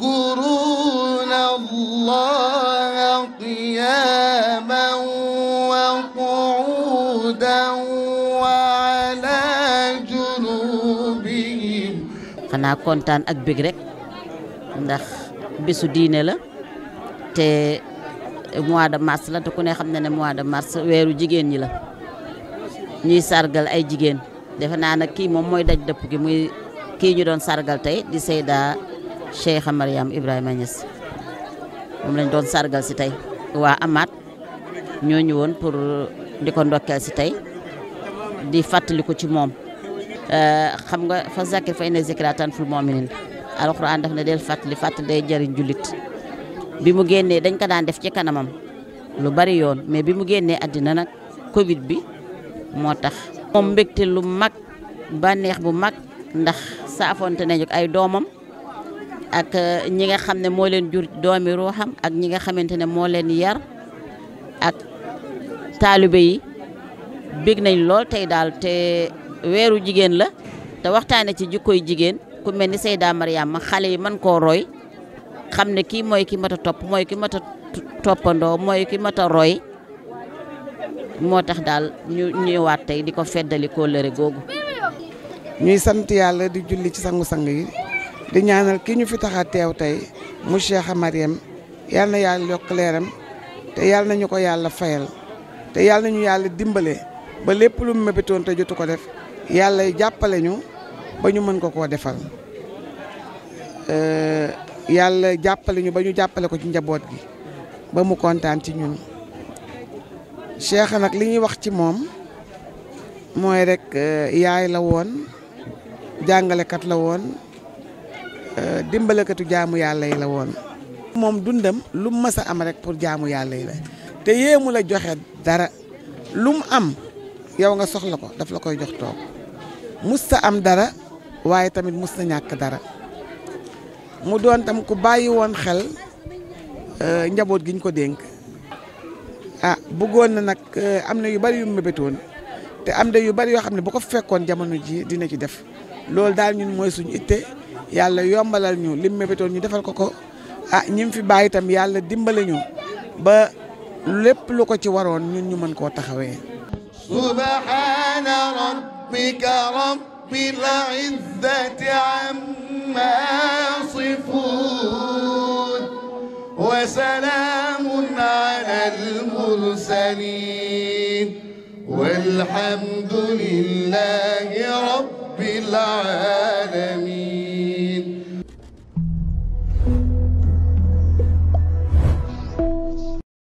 يذكرون الله قياما وقعودا وعلى جنوبهم xanaa kontaan ak bég rek ndax bésu diine la te mois de mars la te ku ne xam ne mois de mars wéru jigen ñi la ñuy sargal ay jigen defe nak ki mom moy daj depp gi muy ki ñu doon sargal tay di Seyda Cheikha Mariam Ibrahima Niass moom lañ doon sargal si tey waa amaat ñoo woon pour uh, di ko ndokkeel si tey di fàttali ko ci moom uh, xam nga fa zakir fa inna zikra tanfa'ul mu'minin alxuraan daf na del fàttali fàttali day jariñ jullit bi mu génnee dañ ko daan def ci kanamam lu bari yoon mais bi mu génnee àddina nag covid bi moo tax moom mbégte lu mag bànneex bu mag ndax saafonte nañu ak ay doomam ak euh, ñi nga xam ne moo leen jur doomi ruuxam ak ñi nga xamante ne moo leen yar ak taalibe yi bég nañ lool tey daal te weeru jigéen la te waxtaane ci jikkoy jigéen ku mel ni Seyda Mariama xale yi man koo roy xam ne kii mooy ki mat a topp mooy ki mat a toppandoo mooy ki mat a roy moo tax daal ñu ñëwaat tey di ko feddali kóllëre googu ñuy sant yàlla di julli ci sangu-sang yi di ñaanal kii ñu fi tax teew tey mu Cheikha Mariam yal na yàlla yokk leeram te yal ko yàlla fayal te yal na ñu yàlla dimbale ba lépp lu mu mébétoon te jotu ko def yàlla jàppale ñu ba ñu mën ko koo defal. Euh, yàlla jàppale ñu ba ñu jàppale ko ci njaboot gi ba mu kontaan ci ñun Cheikh nag li ñuy wax ci moom mooy rek euh, yaay la woon jàngalekat la woon. Euh, dimbalikatu jaamu yàlla yi la woon. moom dundam lu mu mës a am rek pour jaamu yàlla yi la te yéemu la joxe dara lu mu am yow nga soxla ko daf la koy jox toog mus sa am dara waaye tamit mus na ñàkk dara mu doon tam ku bàyyi woon xel euh, njaboot gi ñu ko dénk ah bëggoon na nag euh, am na yu bari yu mébétoon te am na yu bari yoo xam ne bu ko fekkoon jamono ji dina ci def loolu daal ñun mooy suñu itte. yàlla yombalal ñu lim mébétoon ñu defal ko ko ah ñim fi baye tam yàlla dimbale ñu ba lépp lu ko ci waroon ñun ñu mën ko taxawé subhana rabbika rabbil izzati amma yasifun wa salamun ala al mursalin walhamdulillahi rabbil alamin